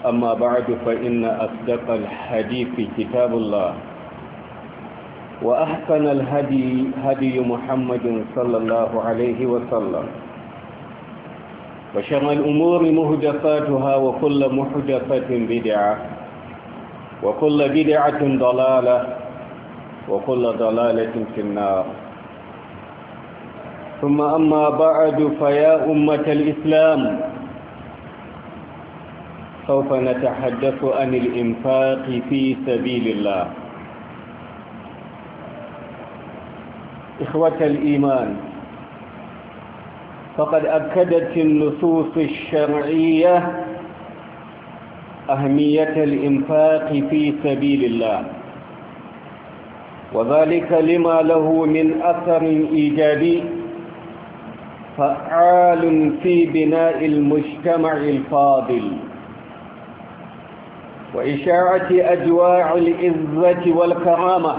أما بعد فإن أصدق الحديث كتاب الله وأحسن الهدي هدي محمد صلى الله عليه وسلم وشر الأمور مهدفاتها وكل مهدفة بدعة وكل بدعة ضلالة وكل ضلالة في النار ثم أما بعد فيا أمة الإسلام سوف نتحدث عن الإنفاق في سبيل الله إخوة الإيمان فقد أكدت النصوص الشرعية أهمية الإنفاق في سبيل الله وذلك لما له من أثر إيجابي فعال في بناء المجتمع الفاضل وإشاعة أجواع الإذة والكرامة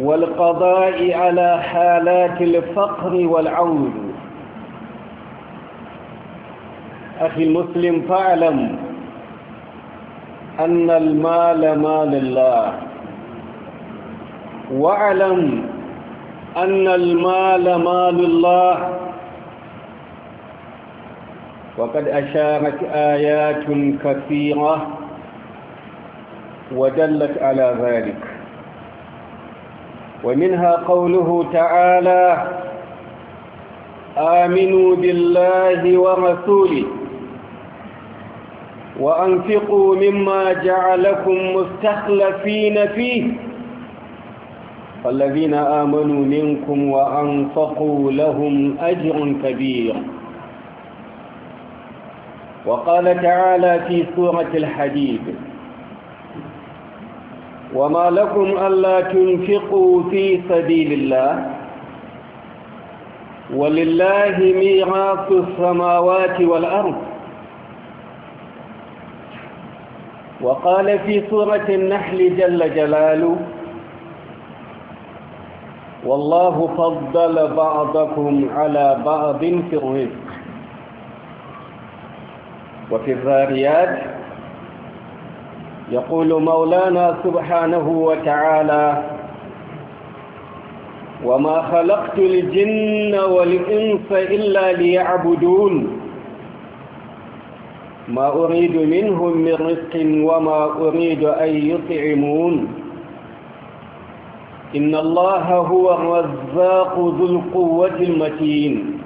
والقضاء على حالات الفقر والعون أخي المسلم فاعلم أن المال مال الله واعلم أن المال مال الله وقد أشارت آيات كثيرة ودلت على ذلك ومنها قوله تعالى آمنوا بالله ورسوله وأنفقوا مما جعلكم مستخلفين فيه فالذين آمنوا منكم وأنفقوا لهم أجر كبير وقال تعالى في سورة الحديد وما لكم ألا تنفقوا في سبيل الله ولله ميراث السماوات والأرض وقال في سورة النحل جل جلاله والله فضل بعضكم على بعض في الرزق وفي الذاريات يقول مولانا سبحانه وتعالى وما خلقت الجن والإنس إلا ليعبدون ما أريد منهم من رزق وما أريد أن يطعمون إن الله هو الرزاق ذو القوة المتين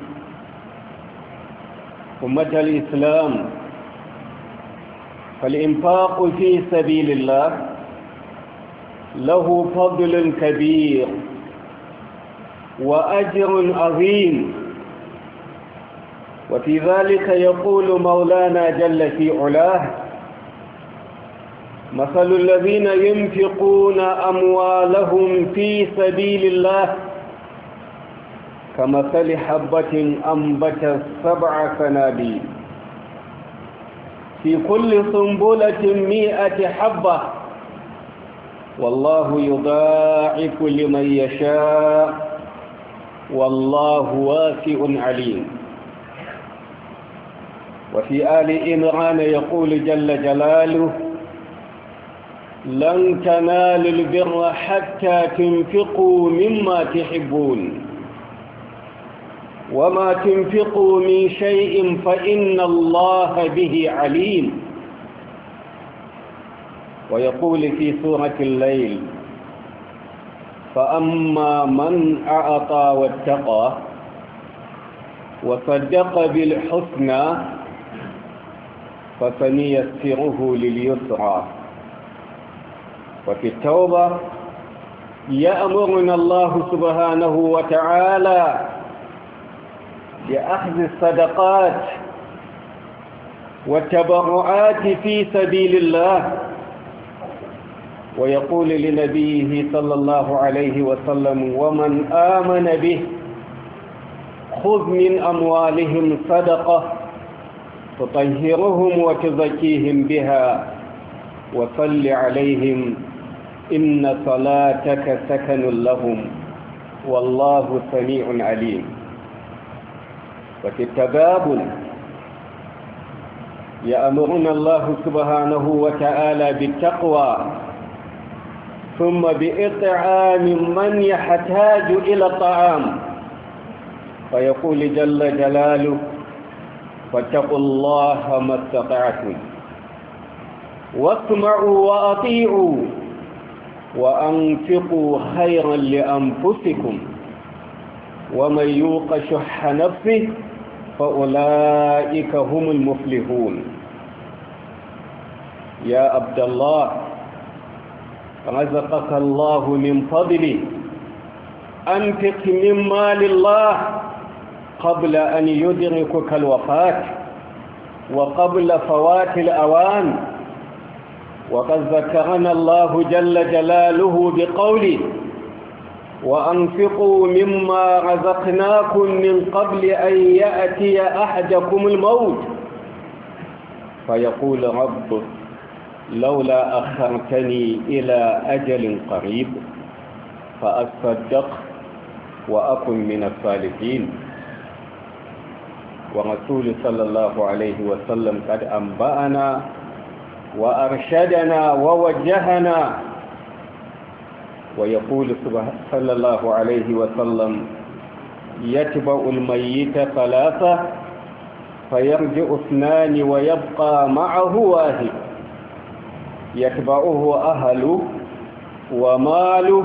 أمة الإسلام فالإنفاق في سبيل الله له فضل كبير وأجر عظيم وفي ذلك يقول مولانا جل في علاه مثل الذين ينفقون أموالهم في سبيل الله كمثل حبة أنبت سبع سنابيل في كل صنبلة مئة حبة والله يضاعف لمن يشاء والله واسع عليم وفي آل إمران يقول جل جلاله لن تنالوا البر حتى تنفقوا مما تحبون وما تنفقوا من شيء فإن الله به عليم ويقول في سورة الليل فأما من أعطى واتقى وصدق بالحسنى فسنيسره لليسرى وفي التوبة يأمرنا الله سبحانه وتعالى لأخذ الصدقات والتبرعات في سبيل الله ويقول لنبيه صلى الله عليه وسلم ومن آمن به خذ من أموالهم صدقة تطهرهم وتزكيهم بها وصل عليهم إن صلاتك سكن لهم والله سميع عليم وفي التقابل يأمرنا الله سبحانه وتعالى بالتقوى ثم بإطعام من يحتاج إلى الطعام فيقول جل جلاله فاتقوا الله ما استطعتم واسمعوا وأطيعوا وأنفقوا خيرا لأنفسكم ومن يوق شح نفسه فأولئك هم المفلحون يا عبد الله رزقك الله من فضله أنفق من مال الله قبل أن يدركك الوفاة وقبل فوات الأوان وقد ذكرنا الله جل جلاله بقوله وأنفقوا مما رزقناكم من قبل أن يأتي أحدكم الموت فيقول رب لولا أخرتني إلى أجل قريب فأصدق وأكن من الصالحين ورسول صلى الله عليه وسلم قد أنبأنا وأرشدنا ووجهنا ويقول صلى الله عليه وسلم يتبع الميت ثلاثة فيرجع اثنان ويبقى معه واحد يتبعه أهله وماله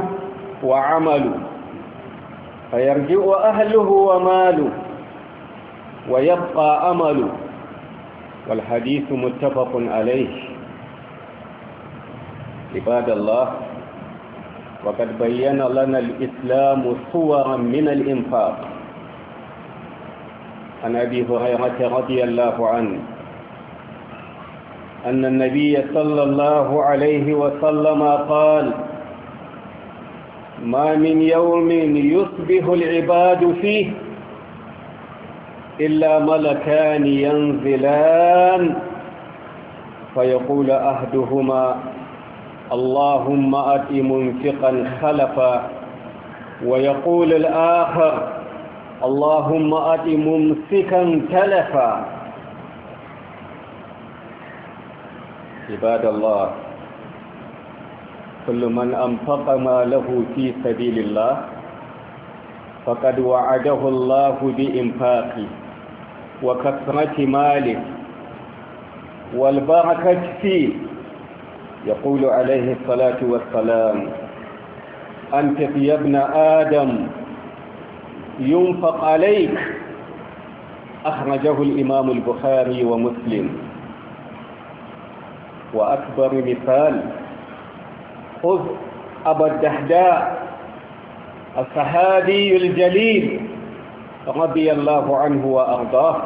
وعمله فيرجع أهله وماله ويبقى أمله والحديث متفق عليه عباد الله وقد بين لنا الإسلام صورا من الإنفاق عن أبي هريرة رضي الله عنه أن النبي صلى الله عليه وسلم قال ما من يوم يصبح العباد فيه إلا ملكان ينزلان فيقول أحدهما اللهم أت منفقا خلفا ويقول الآخر اللهم أت ممسكا تلفا عباد الله كل من أنفق ما له في سبيل الله فقد وعده الله بإنفاقه وكثرة ماله والبركة فيه يقول عليه الصلاة والسلام أنت يا ابن آدم ينفق عليك أخرجه الإمام البخاري ومسلم وأكبر مثال خذ أبا الدهداء الصحابي الجليل رضي الله عنه وأرضاه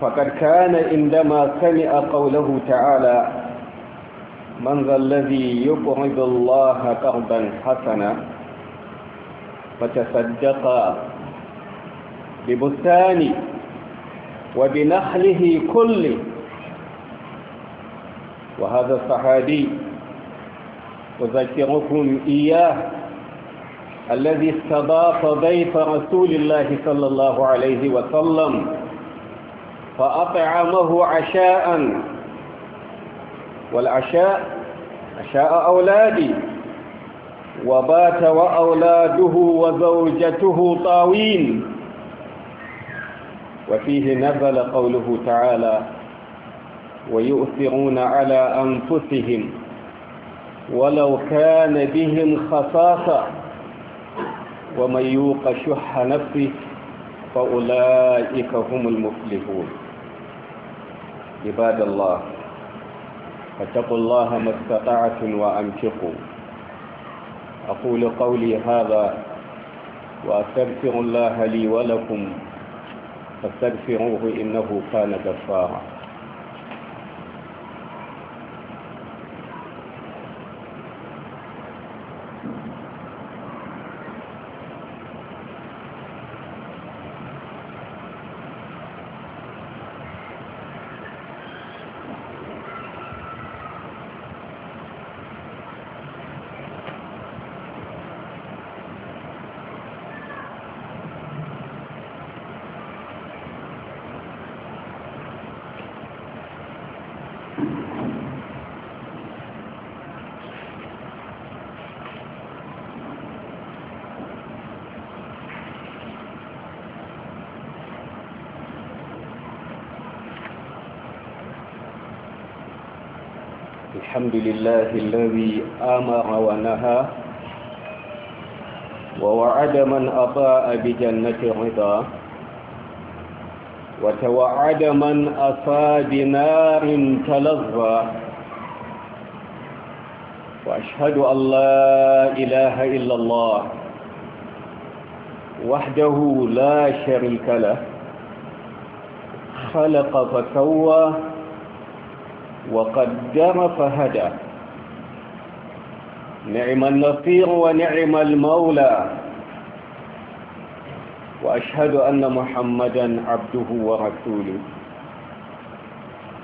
فقد كان عندما سمع قوله تعالى من ذا الذي يقرض الله قرضا حسنا فتصدق ببستان وبنخله كله وهذا الصحابي أذكركم إياه الذي استضاف ضيف رسول الله صلى الله عليه وسلم فأطعمه عشاء والعشاء عشاء أولادي وبات وأولاده وزوجته طاوين وفيه نزل قوله تعالى ويؤثرون على أنفسهم ولو كان بهم خصاصة ومن يوق شح نفسه فأولئك هم المفلحون عباد الله فاتقوا الله ما استطعتم وأنفقوا أقول قولي هذا وأستغفر الله لي ولكم فاستغفروه إنه كان غفارا الحمد لله الذي أمر ونهى ووعد من أطاء بجنة الرضا وتوعد من أطاء بنار تلظى وأشهد أن لا إله إلا الله وحده لا شريك له خلق فسوى وقدر فهدى نعم النصير ونعم المولى وأشهد أن محمدا عبده ورسوله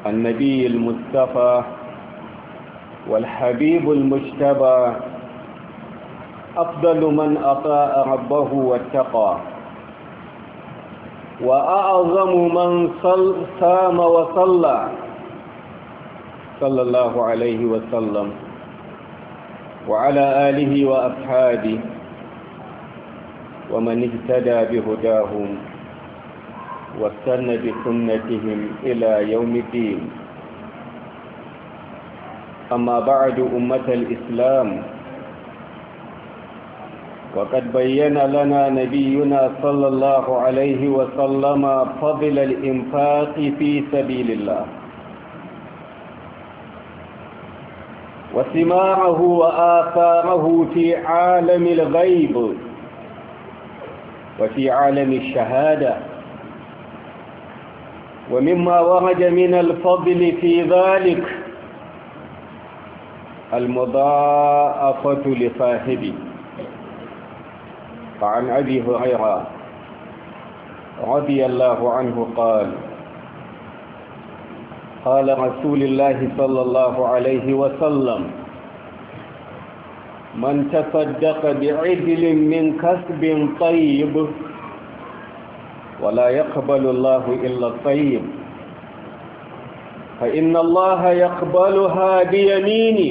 النبي المصطفى والحبيب المجتبى أفضل من أطاء ربه واتقى وأعظم من صام وصلى صلى الله عليه وسلم وعلى آله وأصحابه ومن اهتدى بهداهم واستنى بسنتهم إلى يوم الدين أما بعد أمة الإسلام وقد بين لنا نبينا صلى الله عليه وسلم فضل الإنفاق في سبيل الله وسماعه وآثاره في عالم الغيب وفي عالم الشهادة ومما ورد من الفضل في ذلك المضاءفة لصاحبه فعن أبي هريرة رضي الله عنه قال قال رسول الله صلى الله عليه وسلم من تصدق بعدل من كسب طيب ولا يقبل الله إلا الطيب فإن الله يقبلها بيمينه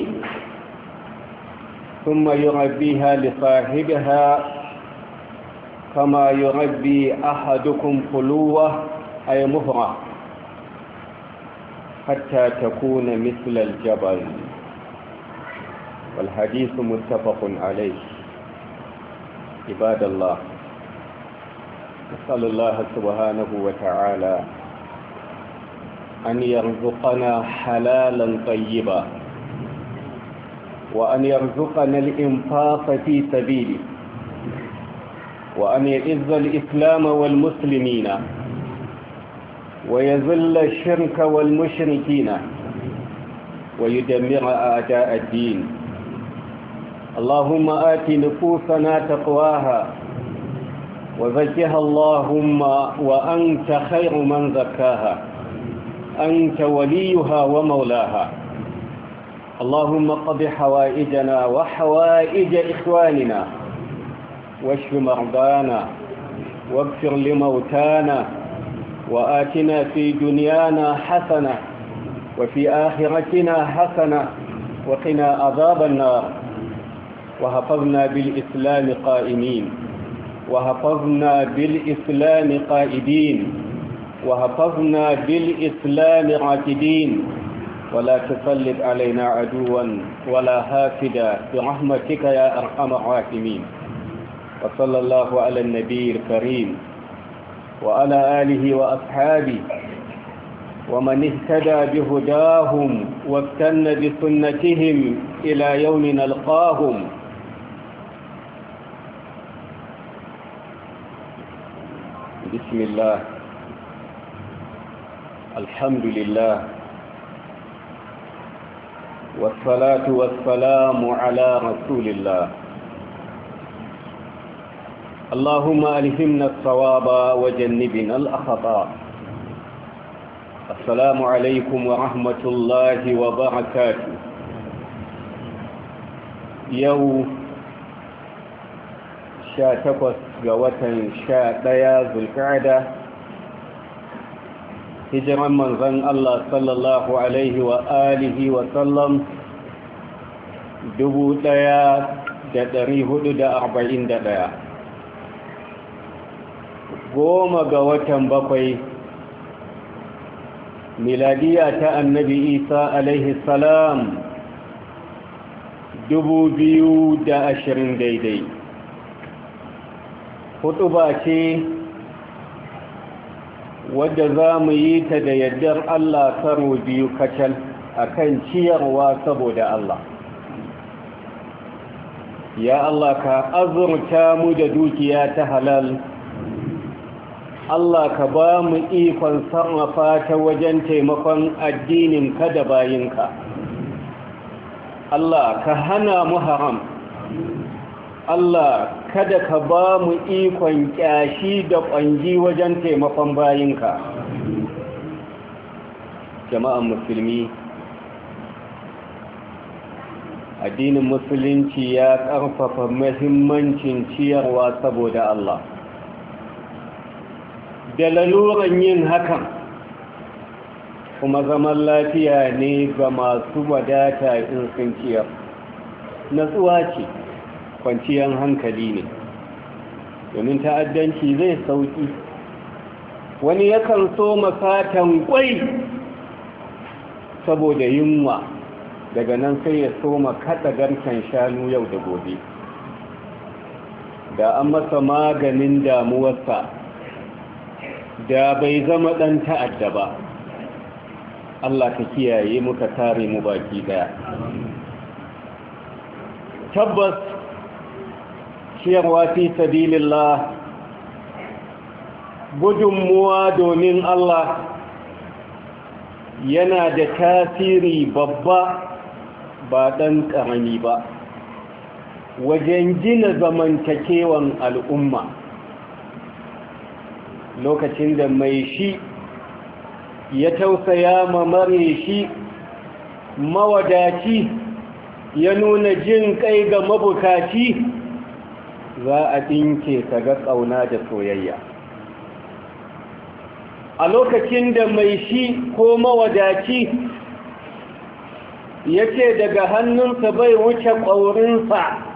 ثم يربيها لصاحبها كما يربي أحدكم فلوه أي مهره حتى تكون مثل الجبل والحديث متفق عليه عباد الله نسأل الله سبحانه وتعالى أن يرزقنا حلالا طيبا وأن يرزقنا الإنفاق في سبيله وأن يعز الإسلام والمسلمين ويذل الشرك والمشركين ويدمر أعداء الدين اللهم آت نفوسنا تقواها وزكها اللهم وأنت خير من زكاها أنت وليها ومولاها اللهم قض حوائجنا وحوائج إخواننا واشف مرضانا واغفر لموتانا وآتنا في دنيانا حسنة وفي آخرتنا حسنة وقنا عذاب النار وحفظنا بالإسلام قائمين وحفظنا بالإسلام قائدين وحفظنا بالإسلام عاتدين ولا تسلط علينا عدوا ولا هافدا برحمتك يا أرحم الراحمين وصلى الله على النبي الكريم وعلى آله وأصحابه ومن اهتدى بهداهم وابتن بسنتهم إلى يوم نلقاهم بسم الله الحمد لله والصلاة والسلام على رسول الله اللهم ألهمنا الصواب وجنبنا الأخطاء السلام عليكم ورحمة الله وبركاته يوم شاتقس قوة شاتيا ذو القعدة هجرا من ظن الله صلى الله عليه وآله وسلم دبو ديا دا دريه دا أربعين دا goma ga watan bakwai miladiya ta annabi isa alaihi salam dubu biyu da ashirin daidai hudu ba ce wadda za mu yi ta da yardar allah karo biyu kacal a kan ciyarwa saboda allah ya allah ka azurta mu da dukiya ta halal Allah ka ba mu ikon sarrafa ta wajen taimakon addinin ka da bayinka Allah ka hana mu haram Allah kada ka ba mu ikon kyashi da ƙwanji wajen taimakon bayinka jama'an musulmi addinin musulunci ya ƙarfafa muhimmancin ciyarwa saboda Allah da laluran yin hakan kuma zaman lafiya ne ga masu wadata in sun ciyar natsuwa ce kwanciyar hankali ne domin ta'addanci zai sauki wani yakan so masatan kwai saboda yunwa daga nan sai ya soma kaɗa garken shanu yau da gobe da an masa maganin damuwarsa da bai zama ɗan ta'adda ba Allah ka kiyaye muka tare mu baki daya tabbas ciyarwa fi sabilillah gudunmuwa domin Allah yana da tasiri babba ba ɗan ƙarami ba wajen gina zamantakewan al'umma lokacin da mai shi ya tausaya ma mare shi mawadaci ya nuna jin kai ga mabukaci za a ɗinke ta ga ƙauna da soyayya a lokacin da mai shi ko mawadaci ya ce daga hannunsa bai wuce ƙaurinsa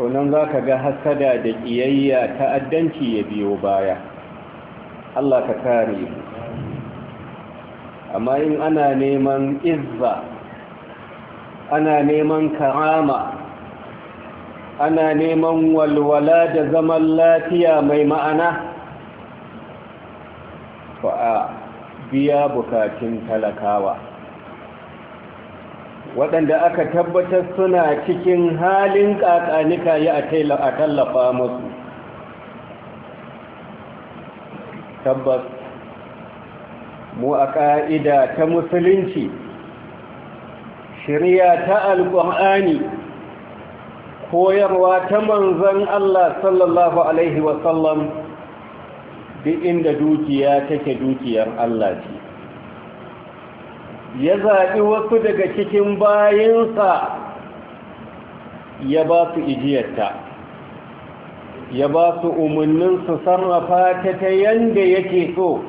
to za ka ga hasada da ƙiyayya ta'addanci ya biyo baya Allah ka kare amma in ana neman izza ana neman karama ana neman walwala da zaman lafiya mai ma'ana a biya bukatun talakawa waɗanda aka tabbatar suna cikin halin ƙaƙanika yi a tallafa musu tabbas mu a ƙa'ida ta musulunci shirya ta alƙur'ani koyarwa ta manzan Allah sallallahu Alaihi wasallam duk inda dukiya take dukiyar Allah ce ya zaɓi wasu daga cikin bayansa ya ba su ijiyarta ya ba su umarnin su sarrafa ta ta yanda yake so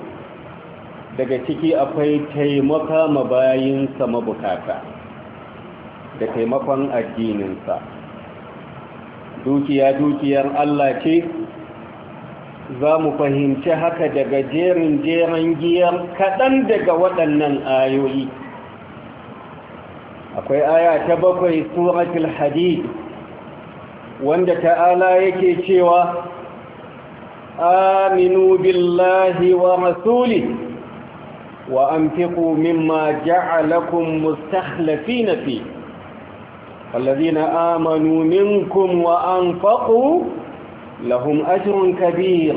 daga ciki akwai taimaka ma bayinsa mabukata da taimakon addininsa dukiya dukiyar Allah ce za mu fahimci haka daga jerin jerin giyar kaɗan daga waɗannan ayoyi akwai aya ta bakwai suratul hadid wanda ta'ala yake cewa aminu billahi wa rasuli wa anfiqu mimma ja'alakum mustakhlifina fi والذين wa منكم وأنفقوا lahum ajrun kabir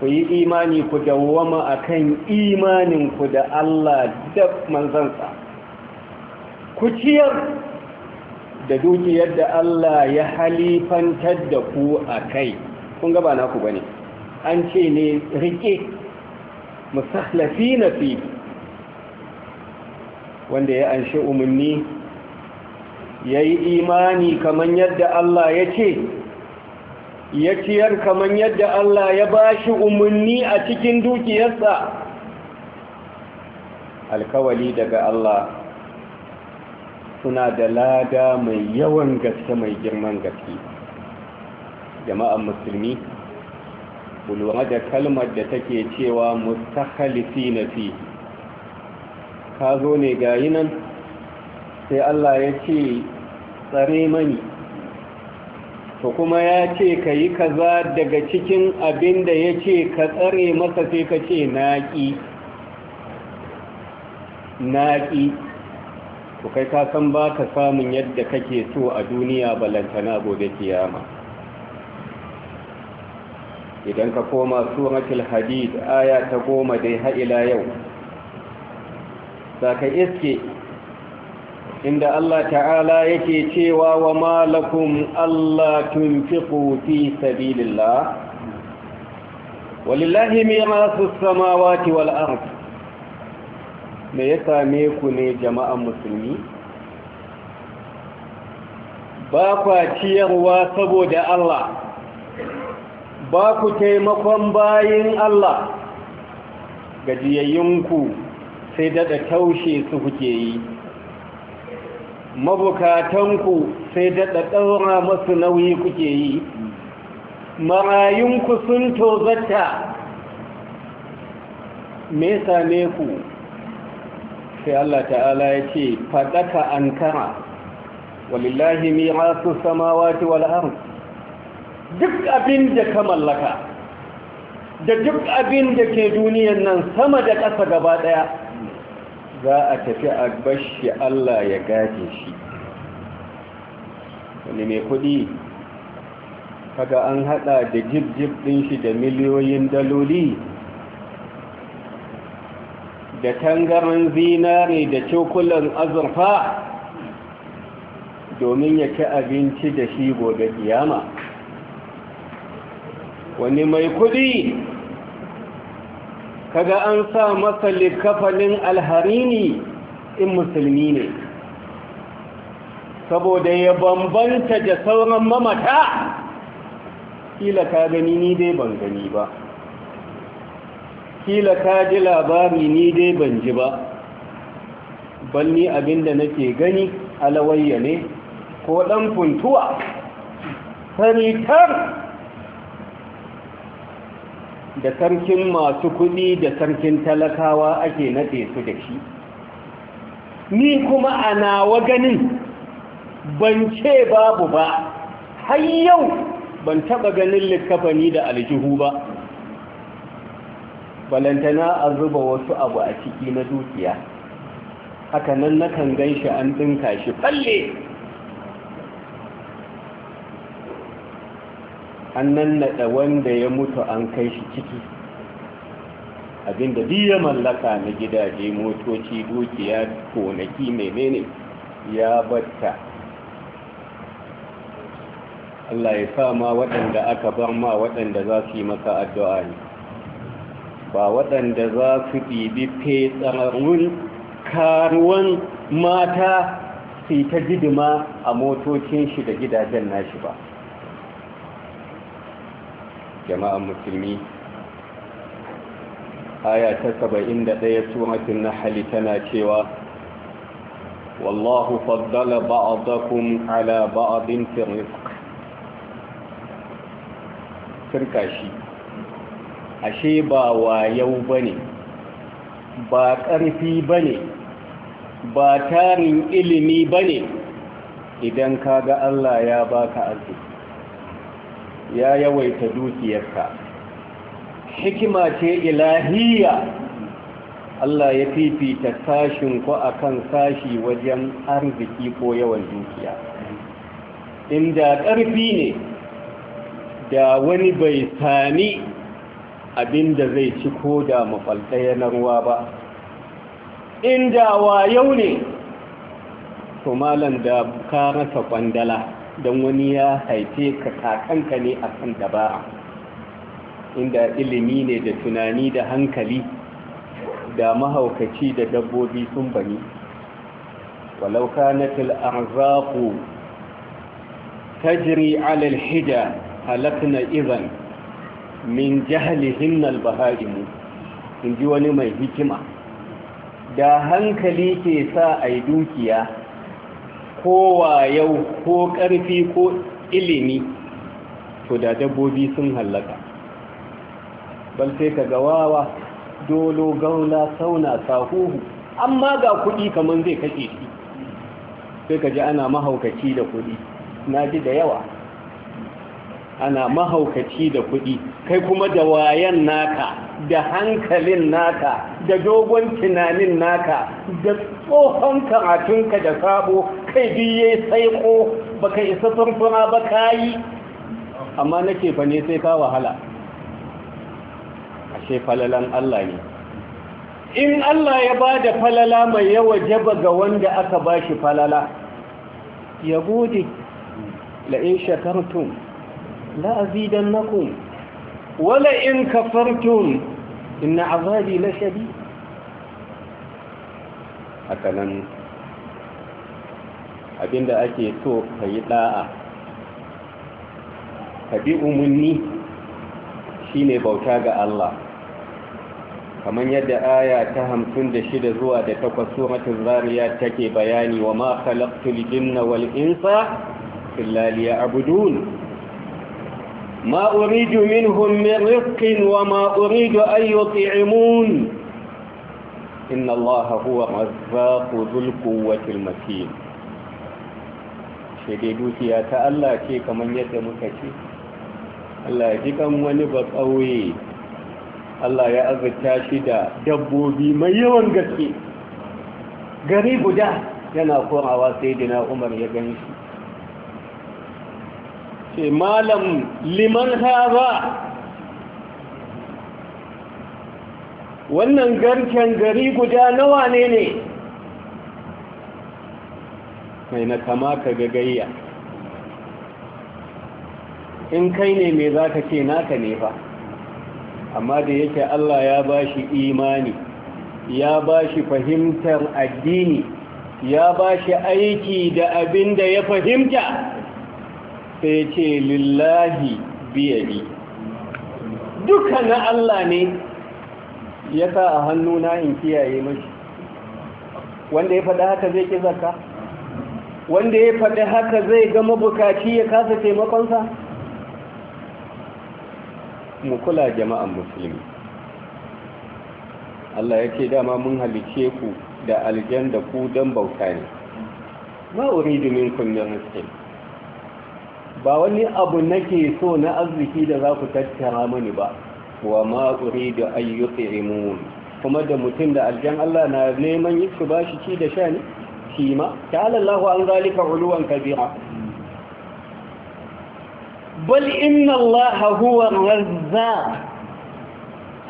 ku yi imani ku dawwama akan imanin ku da Allah da manzansa ku ciyar da dukiyar da Allah ya halifantar da ku akai kun ga ba naku bane an ce ne rike na fi wanda ya anshi umarni ya yi imani kamar yadda Allah ya ce ya ciyar kamar yadda Allah ya ba shi umarni a cikin dukiyarsa alkawali daga Allah suna da lada mai yawan gaske mai girman gaske jama'an musulmi bulwa da kalmar da take cewa mustakhalifi na fi ka zo ne gayi nan sai Allah ya ce tsare mani to kuma ya ce ka yi kaza daga cikin abin da ya ce ka tsare masa sai ka ce naƙi naƙi to kai ka san ba ka samun yadda kake so a duniya balantana gobe kiyama idan ka koma suratul hadid aya ta goma dai ha'ila yau za ka iske inda Allah ta'ala yake cewa wa malakum Allah tunfiqu fi sabilillah walillahi mirasu samawati wal ard me ya same ku ne jama'an musulmi ba kwa ciyarwa saboda Allah ba ku taimakon bayin Allah gajiyayyunku sai daɗa taushe su kuke yi mabukatanku sai daɗa ɗaura masu nauyi kuke yi marayunku sun tozata me same ku sai Allah ta'ala ya ce faɗaka an kara walillahi mirasu samawati wal'ar duk abin da ka mallaka da duk abin da ke duniyan nan sama da ƙasa gaba ɗaya za a tafi a bashi Allah ya gaje shi wani mai kudi kaga an hada da jibjib din shi da miliyoyin daloli da tangaran zinare da cokulan azurfa domin ya ci abinci da shi gobe kiyama wani mai kudi kaga an sa masa likafalin alharini in musulmi ne saboda ya bambanta da sauran mamata kila ka gani ni dai ban gani ba kila ka ji labari ni dai ban ji ba balni abinda nake gani alawayya ne ko dan funtuwa sanitar da sarkin masu kuɗi da sarkin talakawa ake nade su da shi ni kuma a nawa ganin ban ce babu ba har yau ban taɓa ganin likafani da aljihu ba balantana a zuba wasu abu a ciki na dukiya Haka nan nakan gan shi an ɗinka shi falle an nannaɗa wanda ya mutu an kai shi ciki abinda biya mallaka na gidaje motoci dukiya konaki menene ya batta Allah ya sa ma waɗanda aka bar ma waɗanda za su yi maka addu'a ne ba waɗanda za su ɗibi fetsararrun karuwan mata su yi ta jidima a motocin shi da gidajen nashi ba jama'an musulmi aya ta saba'in da ɗaya suratun na hali tana cewa wallahu faddala ba'adakum ala ba'adin firifk firka shi ashe ba wayau ba ne ba ƙarfi ba ne ba tarin ilimi ba ne idan kaga Allah ya baka arziki ya yawaita dukiyarka hikima ce ilahiya Allah ya fifita sashin ku akan sashi wajen arziki ko yawan dukiya inda ƙarfi ne da wani bai sami abinda zai ci ko da mafalɗaya na ruwa ba inda wayau ne to malam da ka rasa kwandala don wani ya haife ka kakanka ne a kan dabara inda ilimi ne da tunani da hankali da mahaukaci da dabbobi sun bani walau kanatil arzaku tajri ala alhida halakna idan min jahlihin In inji wani mai hikima da hankali ke sa ai dukiya ko yau ko ƙarfi ko ilimi to da dabbobi sun hallaka bal sai ka ga wawa dolo gauna sauna sahuhu amma ga kuɗi kamar zai kashe shi sai ka ji ana mahaukaci da kuɗi na ji da yawa ana mahaukaci da kuɗi kai kuma da wayan naka da hankalin naka da dogon tunanin naka da tsohon karatunka da sabo kai biye ko baka isa turfuna ba yi. amma nake fa ne sai ka wahala ashe falalan Allah ne in Allah ya ba da falala mai yawa jaba ga wanda aka ba shi falala ya gode la'in shakartun لأزيدنكم ولئن كفرتم إن عذابي لشديد hakanan abinda ake so ka yi da'a ka bi umarni shine bauta ga Allah kamar yadda aya ta hamsin da shida zuwa da takwas suratul zariyat take bayani wa ma khalaqtul jinna wal insa illa liya'budun ما أريد منهم من رزق وما أريد أن يطعمون إن الله هو الرزاق ذو القوة المتين ya ta Allah ce kamar yadda muka ce Allah ya kan wani ba ƙauye Allah ya azurta shi da dabbobi mai yawan gaske gari guda yana korawa sai dina umar ya gan shi ce malam liman haza wannan garken gari guda nawa ne ne mai na kama ka gagayya in kai ne mai za ka ce naka ne ba? amma da yake Allah ya ba shi imani ya ba shi fahimtar addini ya ba shi aiki da abin da ya fahimta sai ce lillahi biyadi duka na Allah ne ya sa a hannuna in kiyaye mashi wanda ya faɗi haka zai ƙi zarka wanda ya faɗi haka zai ga mabukaci ya kasa taimakonsa mu kula jama'an musulmi Allah ya ce dama mun halice ku da aljan da ku don bauta ne ma'uridu minkum min rizqin ba wani abu nake so na arziki da za ku tattara mani ba wa ma da ayyutsimun kuma da mutum da aljan Allah na neman yi su shi ci da sha ne shi ma ta'ala Allah an zalika uluwan kabira bal inna Allah huwa razzaq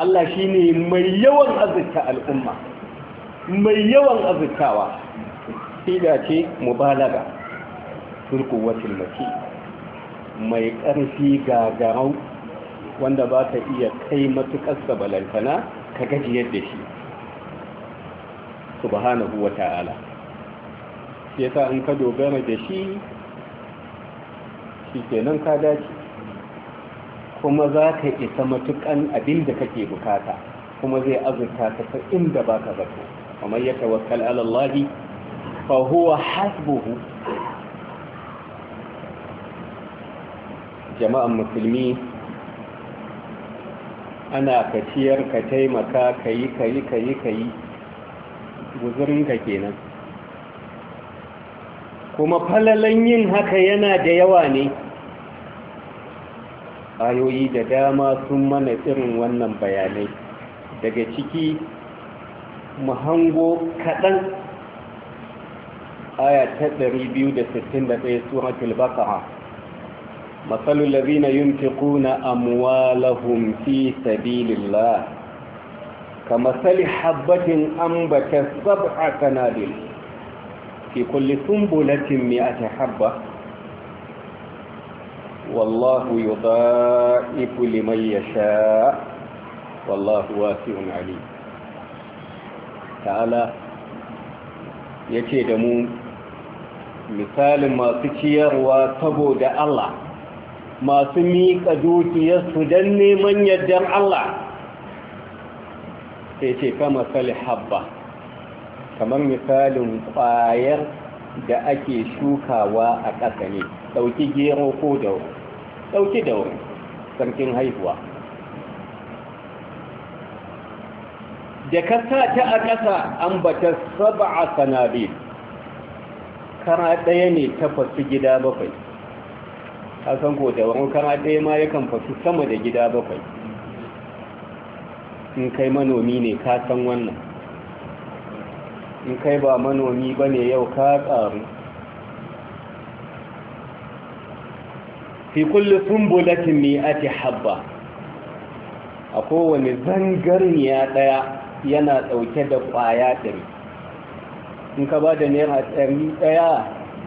Allah shi ne mai yawan azurta al'umma mai yawan azurtawa sida ce mubalaga turku wacin mace mai ƙarfi gagarau wanda ba ka iya kai matuƙar balantana ka gajiyar da shi subhanahu wa ta'ala Ya sa in ka dogara da shi shi kenan ka dace kuma za ka isa matuƙan abin da kake bukata kuma zai azurta ka ta inda ba ka zato amma ya tawakkal alallahi fa huwa hasbuhu jama'an musulmi ana kaciyar ka taimaka ka yi ka yi ka yi ka yi ka kenan kuma falalan yin haka yana da yawa ne ayoyi da dama sun mana irin wannan bayanai daga ciki muhango kaɗan aya ta 261 suratul baqarah matsalin labina yin tekuna amuwalahun fi sabilinla ka matsali habbatin ambata sab'a kanadil fi kulle sun bulatin mai ake habba wallahu yi ba ikuli mai ya sha wallahu wasu yin ali ta'ala ya ce da mu misalin masu ciyarwa saboda allah masu miƙa dukiyarsu don neman yaddan Allah sai ce kama sali habba kamar misalin ƙwayar da ake shukawa a ƙasa ne ɗauki gero ko ɗauki sarkin haihuwa da kasa ta a ƙasa an bata saba a sanabi kara ɗaya ne ta gida bakwai a san ko da wankara ɗaya ma yakan fasu sama da gida bakwai in kai manomi ne ka san wannan in kai ba manomi ba ne yau ka tsaru. fi bulatin ne ake habba a kowane zangarniya ɗaya yana ɗauke da ƙwaya ɗari in ka ba da naira ɗari ɗaya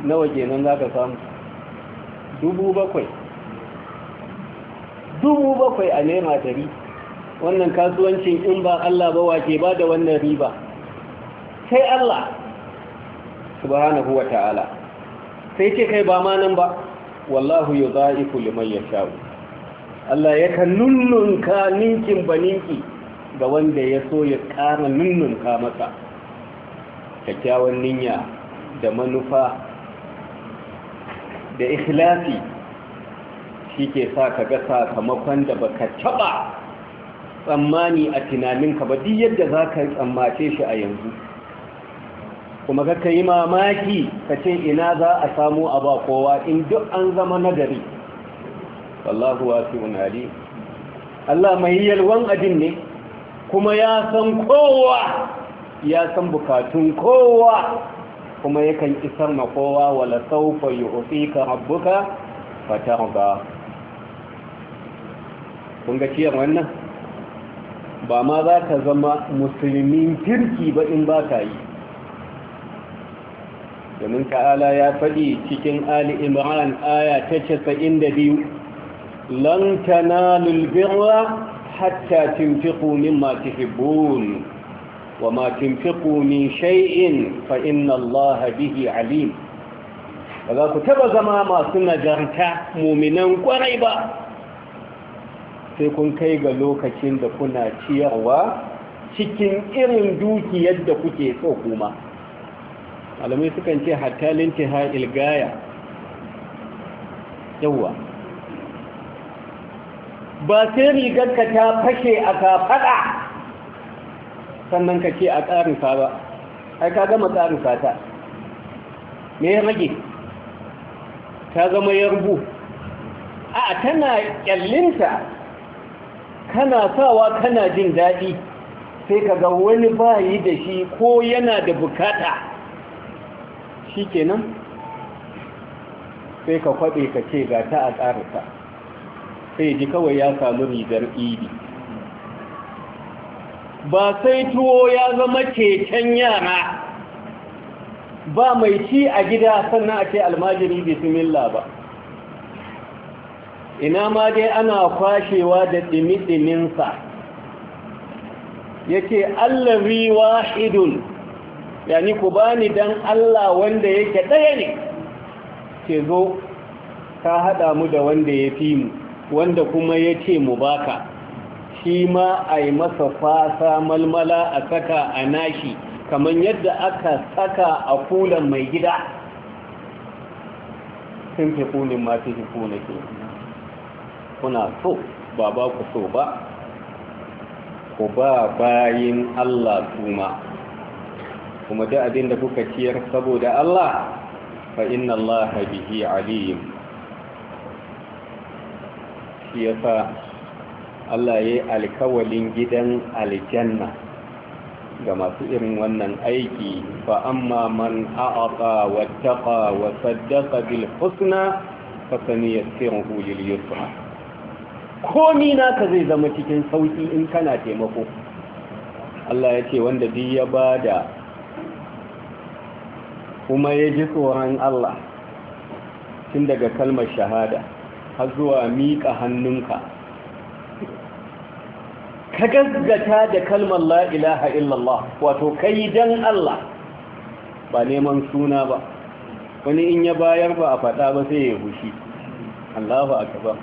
nawa kenan za ka samu dubu bakwai dubu bakwai a naira dari wannan kasuwancin in ba Allah ba wake ba da wannan riba sai Allah subhanahu wa ta'ala sai ce kai ba ma nan ba wallahu ya za'iku liman ya sha'u Allah ya ka nunnunka ninkin ninki ga wanda ya so ya ƙara nunnunka masa kyakkyawan niyya da manufa da ikhlasi shi ke sa ka ga sakamakon da baka taba tsammani a tunaninka ba duk yadda za ka tsammace shi a yanzu kuma kakka yi mamaki ka ce ina za a samu a ba kowa in duk an zama nagari wallahu wasi'un ali Allah mai yalwan abin ne kuma ya san kowa ya san bukatun kowa kuma yakan isar ma kowa wala saufa ka, rabbuka fatarda kun ga ciyar wannan ba ma za ka zama musulmin kirki ba in ba ka yi domin ta'ala ya faɗi cikin ali imran aya ta casa'in da biyu lan tanalul birra hatta tunfiqu mimma tuhibbun وما تنفقوا من شيء فإن الله به عليم kaga ku taɓa zama masu najarta muminan kwarai ba sai kun kai ga lokacin da kuna ciyarwa cikin irin dukiyar da kuke so kuma malamai sukan ce hatalin tiha ilgaya yawwa ba sai rigar ka ta fashe a kafada sannan ka ce a tsarin ba ai ka gama tsarin ta me ya rage ta zama rubu? a tana kyallinta kana sawa kana jin daɗi sai ka ga wani bayi da shi ko yana da bukata shi kenan sai ka kwaɗe ka ce ga ta a ƙarisa sai ji kawai ya samu rigar idi ba sai tuwo ya zama keken yara ba mai ci a gida sannan a ce almajiri bismillah ba ina ma dai ana kwashewa da ɗimi sa ya ce wahidun yani ku bani dan Allah wanda yake ɗaya ne ke zo ka haɗa mu da wanda ya fi mu wanda kuma ya ce mu baka shi ma a yi masa fasa malmala a saka a nashi kamar yadda aka saka a kulan mai gida sun fi kulin masu fi kuna ke kuna so ba ba ku so ba ku ba bayin Allah tuma kuma da abin da kuka ciyar saboda Allah fa inna Allah bihi alim shi yasa Allah ya yi alkawalin gidan aljanna ga masu irin wannan aiki fa amma man a'ata wa taqa wa saddaqa bil husna fa yasiru lil yusra komi naka zai zama cikin sauki in kana taimako Allah ya ce wanda bi ya bada kuma ya ji tsoron Allah tun daga kalmar shahada har zuwa miƙa hannunka ka gaggata da kalmar la ilaha illallah wato kai dan Allah ba neman suna ba wani in ya bayar ba a faɗa ba sai ya hushi Allahu akbar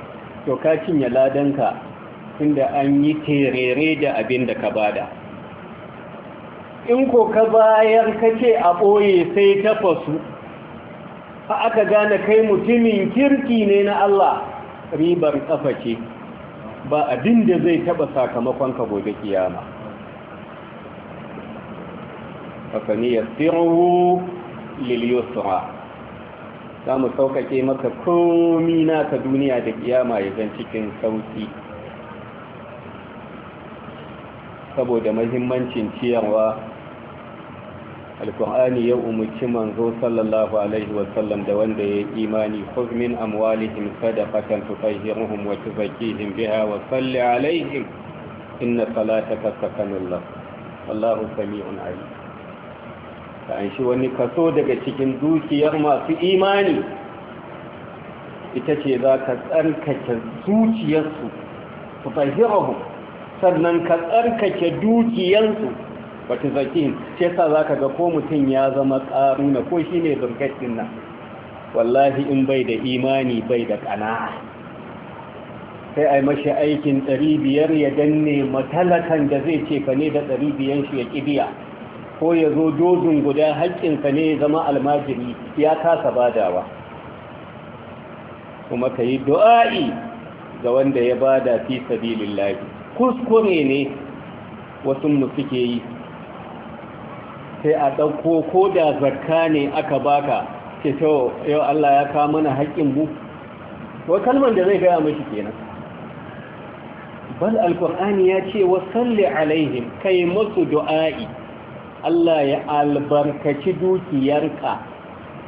to ka cinye ladanka tunda an yi terere da abin da ka bada in ko ka bayar kace a boye sai ta fasu a aka gane kai mutumin kirki ne na Allah ribar kafa ce ba abin da zai taba sakamakon ka gobe kiyama fakani yassiru lil yusra za mu saukake maka komi naka duniya da kiyama ya zan cikin sauki saboda mahimmancin ciyarwa alkur'ani ya umarci manzo sallallahu alaihi wasallam da wanda ya imani khudh min amwalihim sadaqatan tutahhiruhum wa tuzakkihim biha wa salli alaihim inna salataka sakanun lahum wallahu sami'un alim ka an shi wani kaso daga cikin dukiyar masu imani ita ce za ka tsarkake zuciyarsu tutahhiruhum sannan ka tsarkake dukiyarsu wa tuzakkihim shi yasa zaka ga ko mutum ya zama karuna ko shine zurkat din nan wallahi in bai da imani bai da kana'a sai ai mashi aikin biyar ya danne matalakan da zai ce fa ne da 500 shi ya kibiya ko ya zo dozin guda haƙƙinka ne zama almajiri ya kasa badawa kuma ka yi du'a'i ga wanda ya bada fi sabilillahi kuskure ne wasu mu suke yi sai a ɗauko ko da zakka ne aka baka ke to yau Allah ya kawo mana haƙƙin mu wa kalman da zai gaya mashi kenan bal alqur'ani ya ce wa salli alaihim kai musu du'a'i Allah ya albarkaci dukiyarka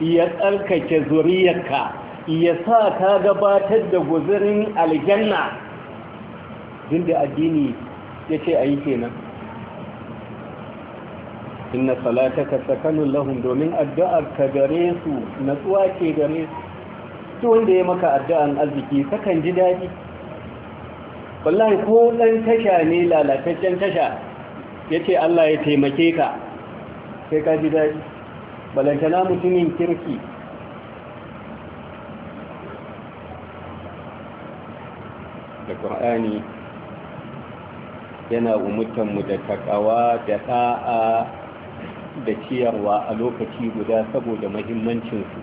ya tsarkake zuriyarka ya sa ka gabatar da guzurin aljanna din da addini ya ce a yi kenan inna salataka sakanun lahum domin addu'a ka gare su natsuwa ke gare su wanda ya maka addu'an arziki sakan ji daɗi wallahi ko ɗan tasha ne lalataccen tasha ya ce Allah ya taimake ka sai ka ji daɗi balantana mutumin kirki da ƙur'ani yana umurtanmu da takawa da ta'a da ciyarwa a lokaci guda saboda mahimmancinsu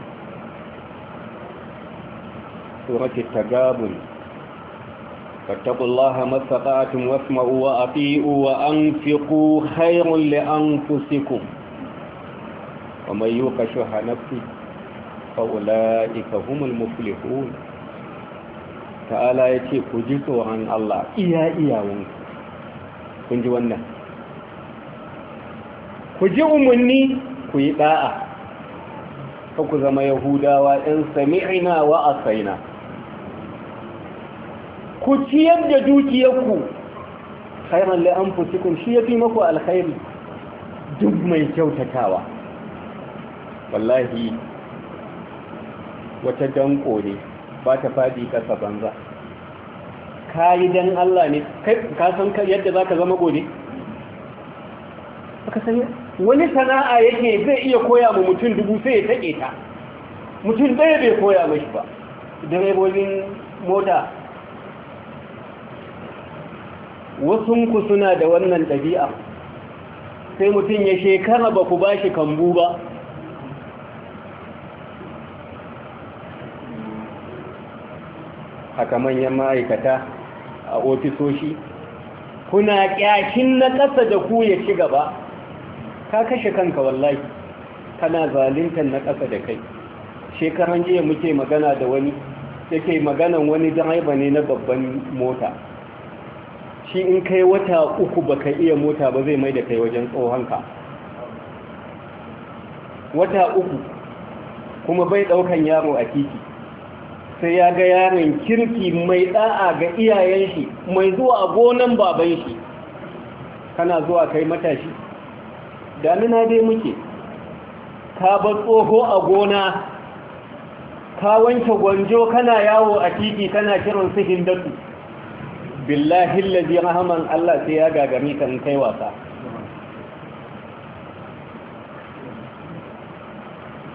surat tagabun fattaku Allah masaqatin wasma'u wa ati'u wa anfiqu khairan li anfusikum wa may yuqashu hanafi fa ulaika humul muflihun ta'ala yace ku ji tsoron Allah iya iyawun kun ji wannan ku ji umarni ku yi ɗa'a ka ku zama yahudawa ‘yan sami'ina wa Saina, ku ciyar da dukiyarku an la'an cikin shi ya fi maku alkhairi duk mai kyautatawa wallahi wata danko ne ba ta faɗi ƙasa banza ka yi don Allah ne ka san yadda za ka zama ba ka san yadda wani sana'a yake zai iya koya mu mutum dubu sai ya take ta mutum ɗaya bai koya mashi ba direbobin mota wasunku suna da wannan ɗabi'a sai mutum ya shekara ba ku ba shi kambu ba haka manyan ma'aikata a ofisoshi kuna ƙyashin na ƙasa da ku ya ci gaba ka kashe kanka wallahi kana zalintar na ƙasa da kai shekaran jiya muke magana da wani yake maganan wani direba ne na babban mota shi in kai wata uku baka iya mota ba zai mai da kai wajen ka. wata uku kuma bai daukan yaro a titi sai ya ga yaron kirki mai da'a ga iyayen shi mai zuwa gonan baban shi kana zuwa kai matashi damina dai muke ka bar tsoho a gona ka wanke gwanjo kana yawo a titi kana kiran su hindatu billahi lalzi rahaman Allah sai ya gagari kan kai wasa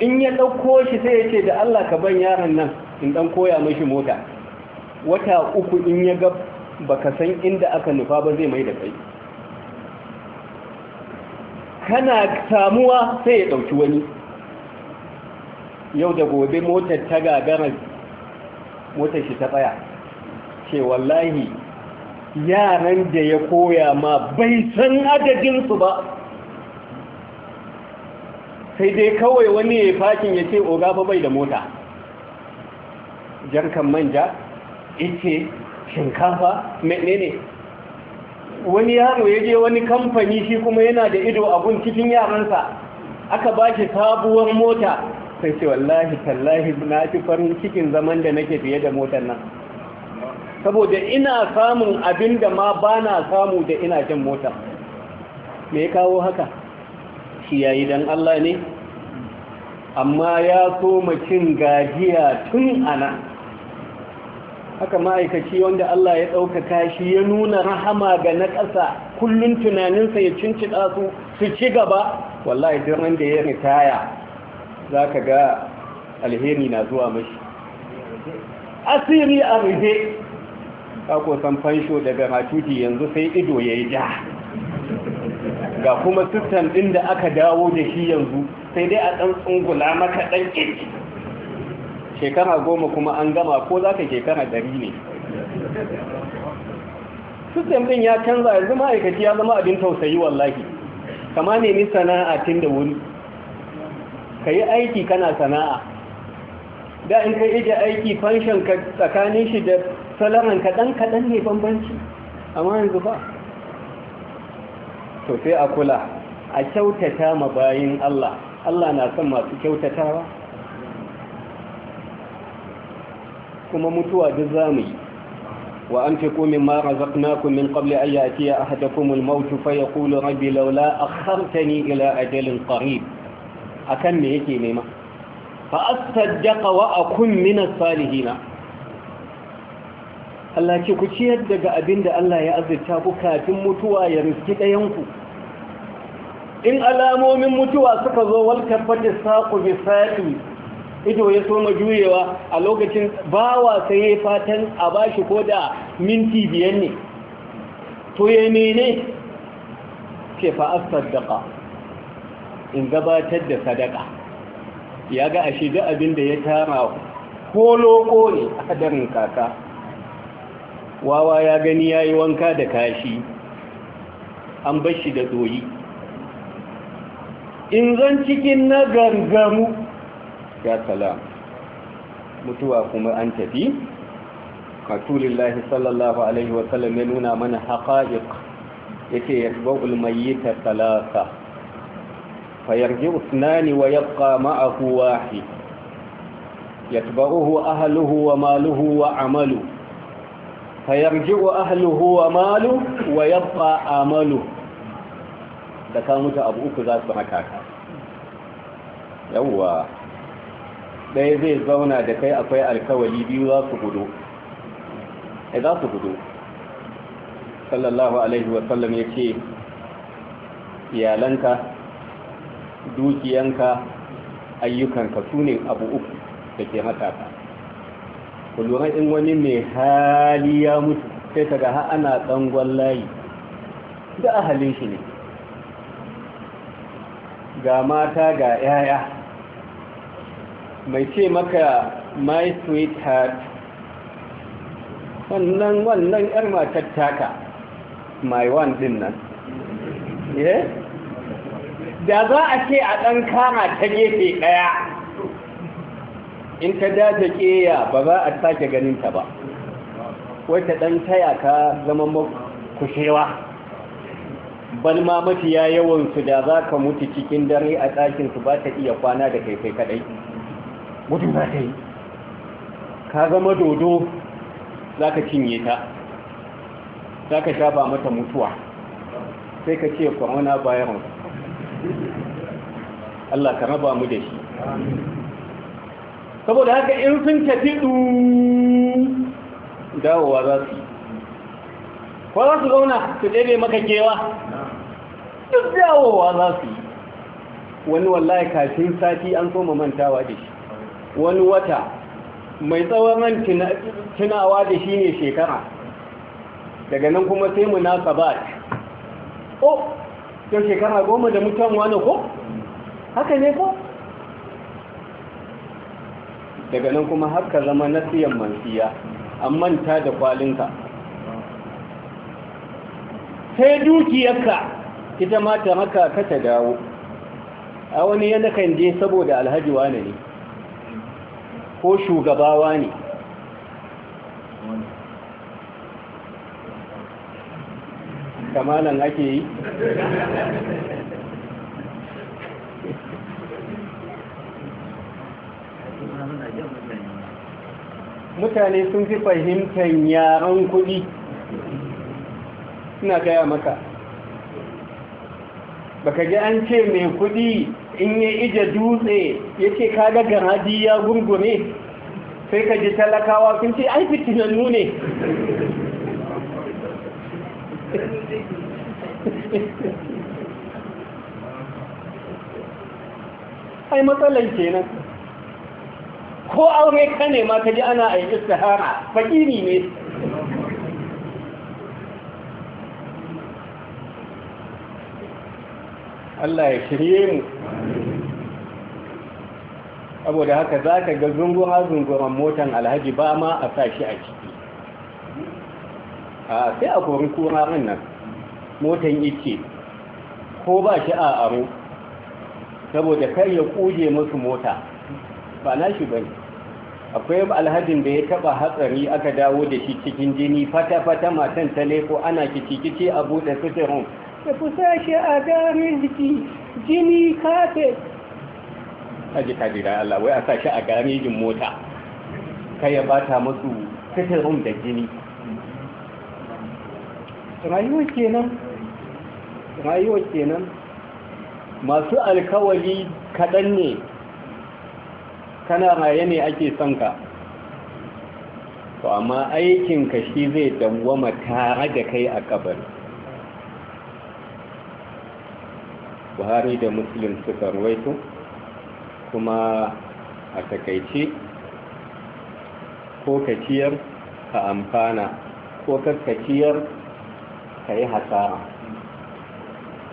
in ya ɗauko shi sai ya ce da Allah ka ban yaron nan in ɗan koya mashi mota wata uku in ya ga baka san inda aka nufa ba zai mai da kai kana samuwa sai ya ɗauki wani yau da gobe motar ta gagara motar shi ta tsaya ce wallahi yaran da ya koya ma bai san adadin su ba sai dai kawai wani ya fakin ya ce oga ba bai da mota jarkan manja ita shinkafa menene wani yaro ya je wani kamfani shi kuma yana da ido abun cikin yaransa aka ba shi sabuwar mota sai ce wallahi tallahi na fi farin cikin zaman da nake fiye da motar nan saboda ina samun abin da ma ba na samu da ina jin mota me ya kawo haka shi ya yi don Allah ne amma ya so cin gajiya tun ana haka ma'aikaci wanda Allah ya ɗaukaka shi ya nuna rahama ga na ƙasa kullum tunaninsa ya cinci su su ci gaba wallahi duk da ya ritaya za ka ga alheri na zuwa mashi asiri a rufe ko san fansho daga matuti yanzu sai ido ya yi ja ga kuma sistan ɗin da aka dawo da shi yanzu sai dai a ɗan tsungula maka ɗan ƙirƙi shekara goma kuma an gama ko za ka shekara dari ne sistem din ya canza yanzu ma'aikaci ya zama abin tausayi wallahi kama nemi sana'a tun da wuri ka yi aiki kana sana'a da in ka ije aiki fanshin ka tsakanin shi da salaran kaɗan kaɗan ne bambanci amma yanzu ba to a kula a kyautata ma bayan Allah Allah na son masu kyautatawa kuma mutuwa duk za mu yi wa an fi kumin ma razaqnakum min qabli an ya'tiya ahadakum al-maut fa yaqulu rabbi laula ni ila ajalin qarib akan me yake nema fa asaddaqa wa akun min as-salihin Allah ce ku ciyar daga abinda Allah ya azurta ku kafin mutuwa ya riski ɗayanku in alamomin mutuwa suka zo wal tabbata saqu bi ido ya soma juyewa a lokacin bawa sai ya fatan a ba shi ko da minti biyan ne to ya mene ce fa'as sadaka in gabatar da sadaka ya ga a shiga abin da ya tara ko loko ne a hadarin kaka wawa ya gani ya yi wanka da kashi an bashi da doyi in zan cikin na gangamu ya salam mutuwa kuma an tafi rasulillahi sallallahu alaihi wasallam ya nuna mana haƙa'iƙ yake ya ba'ul mayyita talata fayarji usnani wa wa maluhu wa amalu wa malu wa amalu da ka abu uku za su haka yawwa ɗaya zai zauna da kai akwai alkawali biyu za su gudu ai eh, za su gudu sallallahu alaihi wasallam ya ce iyalanka dukiyanka ayyukanka su ne abu uku da ke mataka kullum in wani mai hali ya mutu sai ka ga ana tsangon layi da ahalin shi ne ga mata ga 'ya'ya mai ce maka my sweetheart wannan wannan yar matar taka my one din nan eh? da za a ce a ɗan kama ta gefe ɗaya in ta dace ƙeya ba za a sake ganinta ba wata ɗan taya ka zama kushewa bal ma mafiya yawansu da za ka mutu cikin dare a ɗakinsu ba ta iya kwana da kai kai kaɗai mutum za ka yi ka zama dodo za ka cinye ta za ka shafa mata mutuwa sai ka ce bayan wasu. Allah ka raba mu da shi saboda haka in sun tafi dawowa za su kwa za su zauna su ɗebe maka kewa duk dawowa za su yi wani wallahi kafin sati an so mantawa da shi wani wata mai tsawon tunawa da shi ne shekara daga nan kuma sai mu na ba oh yau shekara goma da mutum wani ko haka ne ko daga nan kuma haka zama na siyan mansiya an manta da kwalinka sai dukiyarka ita ma ta kata ka ta dawo a wani yana kan je saboda alhaji wane ne ko shugabawa ne kamalan ake yi mutane sun fi fahimtar yaran kudi suna gaya maka baka ji an ce mai kudi in ya ije dutse yake ce kaga ganadi ya gungune sai ka ji talakawa sun ce ai fitinannu ne ai matsalan kenan ko aure ka ne ma ka ji ana aiki sahara. istihara fakiri ne Allah ya shirye mu saboda haka za ka ga zungura-zunguran motan alhaji ba ma a sa shi a ciki sai a kori kurarin nan motan ice ko ba shi a aro saboda kar ya kuje musu mota ba na shi bane akwai alhajin da ya taba hatsari aka dawo da shi cikin jini fata-fata matan ta leko ana kici-kici a buɗe suturin fusa shi a garin jiki jini kafet aji kajira Allah wai a sa shi a garejin mota kai ya bata masu fitirin da jini rayuwar kenan rayuwar kenan masu alkawali kaɗan ne kana raye ne ake son ka to amma aikinka shi zai damuwa tare da kai a kabari buhari da muslim suka ruwaito kuma a takaice ko kaciyar ka amfana ko kaskaciyar ka yi hasara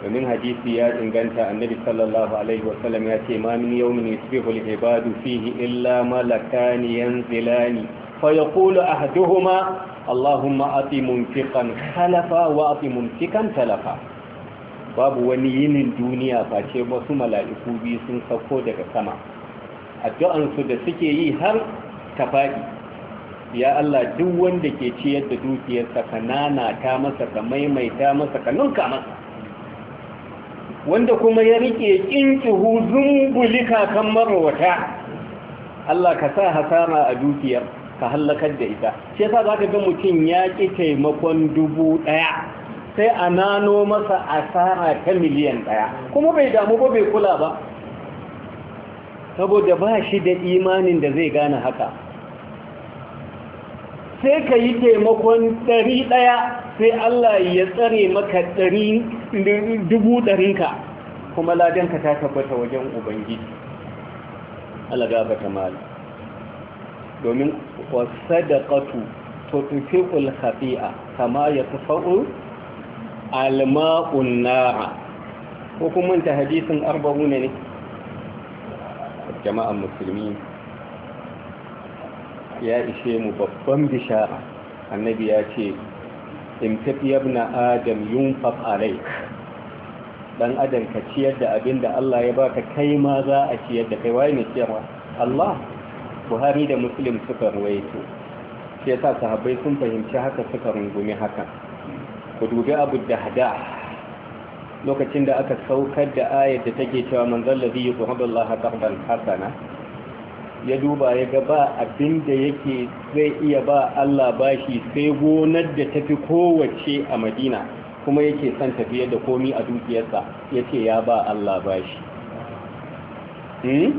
domin hadisi ya inganta annabi sallallahu alaihi wasallam ya ce ma min yawmin yusbihu ibadu fihi illa malakani zilani. fa yaqulu ahaduhuma allahumma ati munfiqan halafa wa ati mumfikan talafa babu wani yinin duniya face wasu mala'iku biyu sun sauko daga sama addu'ansu da suke yi har ta faɗi ya Allah duk wanda ke ciyar da dukiyarsa ka nana ta masa ka maimaita masa ka ninka masa wanda kuma ya rike kincihu zumbuli kakan marwata Allah ka sa hasara a dukiyar ka hallakar da ita shi yasa zaka ga mutum ya taimakon dubu ɗaya sai a nano masa asara ta miliyan ɗaya kuma bai damu ba bai kula ba saboda ba shi da imanin da zai gane haka sai ka yi taimakon ɗari ɗaya sai Allah ya tsare maka ɗari dubu ɗarinka kuma ladanka ta tabbata wajen ubangiji Allah ba ta mali domin wasu sadaqatu tutfi'ul kama yatfa'u alma'un nara ko kun manta hadisin arba'una ne jama'an musulmi ya ishe mu babban bishara annabi ya ce in tafi yabna adam yun alai dan adam ka ciyar da abin da Allah ya baka kai ma za a ciyar da kai waye ne ciyarwa Allah buhari da muslim suka ruwaito shi yasa sahabbai sun fahimci haka suka rungumi haka ku dubi abu da hada lokacin da aka saukar da ayar da take cewa manzon ladhi yuqabbalallahu qahban hasana ya duba ya ga ba abin da yake zai iya ba Allah bashi sai gonar da tafi kowace a Madina kuma yake son tafiyar da komi a dukiyarsa yace ya ba Allah bashi hmm?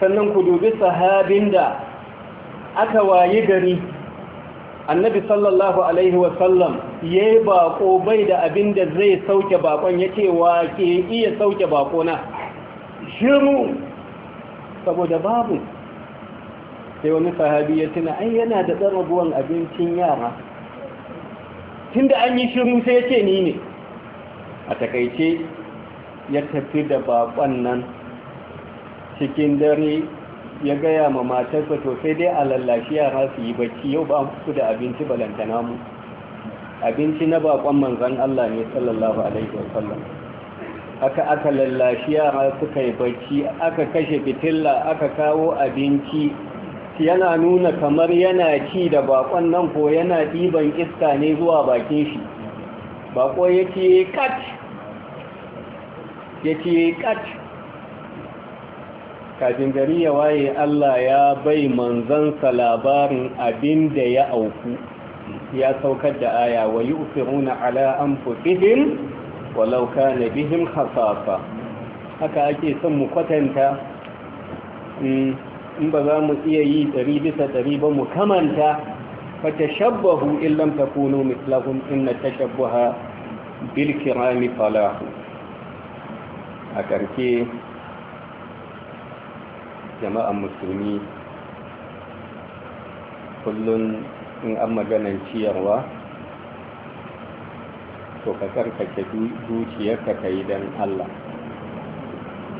sannan ku dubi sahabin da aka wayi gari annabi sallallahu alaihi wasallam ya yi bako bai da abin da zai sauke bakon ya ce wa ke iya sauke bakona shiru saboda babu sai wani sahabi ya tuna ai yana da tsarabuwan abincin yara tun da an yi shiru sai ya ce ni ne a takaice ya tafi da bakon nan cikin dare ya gaya ma matarsa to sai dai a lallashi yara su yi bacci yau ba su da abinci balantana mu abinci na bakon manzan Allah ne sallallahu alaihi wasallam aka aka lallashi yara suka yi bacci aka kashe fitilla aka kawo abinci yana nuna kamar yana ci da bakon nan ko yana ɗiban iska ne zuwa bakin shi bako ya ce kat ya ce kat kafin gari ya waye Allah ya bai manzansa labarin abin da ya auku ya saukar da aya wa yi usiruna ala an fusihim walau na bihin hasafa haka ake son mu kwatanta mm, in ba za mu iya yi ɗari bisa ɗari ba mu kamanta fata shabbahu illam ta kuno mislahun inna ta shabbaha bilkirami falahu a ƙarke jama'an musulmi kullum in an maganar ciyarwa to ka karkace zuciyarka ka yi don Allah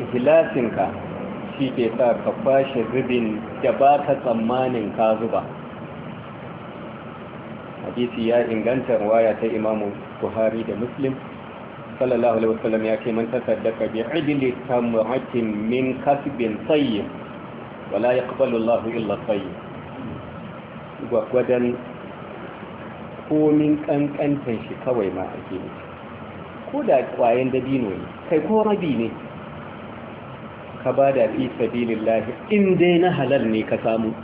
ihlasinka shi ke sa ka fashe zubin da ba ka tsammanin ka zuba hadisi ya inganta waya ta imamu buhari da muslim sallallahu alaihi wasallam ya ce man da bi ajli tamratin min kasbin tayyib wala ya ƙabalullahu illa tsayi gwagwadon komin ƙanƙantan shi kawai ma ake ne ko da ƙwayen dabino ne kai ko rabi ne ka ba da fi sabilillahi in dai na halal ne ka samu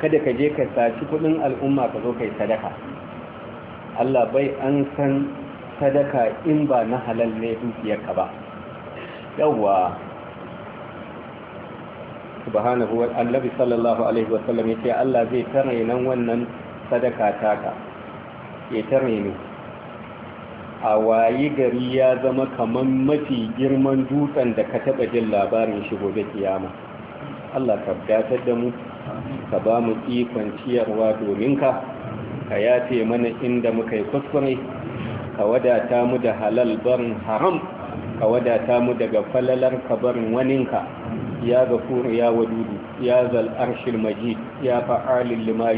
kada ka je ka saci kudin al'umma ka zo kai sadaka Allah bai an san sadaka in ba na halal ne ka ba yawwa subhanahu wa annabi sallallahu alaihi wa sallam yace Allah zai tare nan wannan sadaka taka ya tare ni a wayi gari ya zama kaman mafi girman dutsen da ka taba jin labarin shi gobe kiyama Allah ka gatar da mu ka ba mu ikon ciyarwa domin ka ka yafe mana inda muka yi kuskure ka wadata mu da halal barin haram ka wadata mu daga falalar kabarin waninka ya gafuru ya wadudu ya zal arshil majid ya fa'alil lima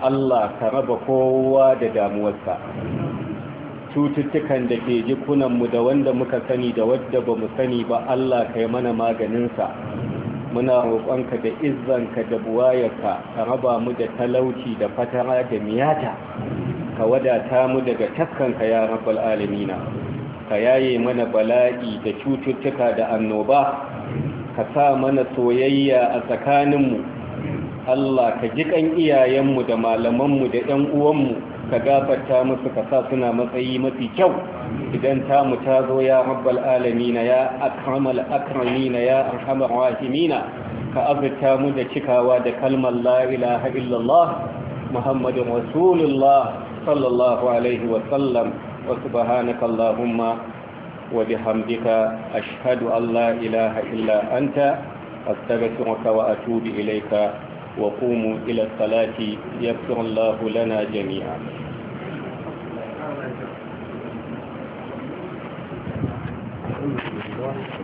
Allah ka raba kowa da damuwarsa cututtukan da ke jikunanmu da wanda muka sani da wadda ba mu sani ba Allah ka yi mana maganinsa muna roƙonka da izzanka da buwayarka ka raba mu da talauci da fatara da miyata ka wadata mu daga taskanka ya rabbal alamina ka yaye mana bala'i da cututtuka da annoba ka sa mana soyayya a tsakaninmu Allah ka ji kan iyayenmu da malamanmu da ƴan uwanmu ka gafarta musu ka sa suna matsayi mafi kyau idan ta mu ta zo ya rabbal alamina ya akramal akramina ya arhamar rahimina ka azurta mu da cikawa da kalmar la ilaha illallah muhammadin rasulullah sallallahu alaihi sallam. وسبحانك اللهم وبحمدك أشهد أن لا إله إلا أنت أستغفرك وأتوب إليك وقوموا إلى الصلاة يغفر الله لنا جميعا Thank you.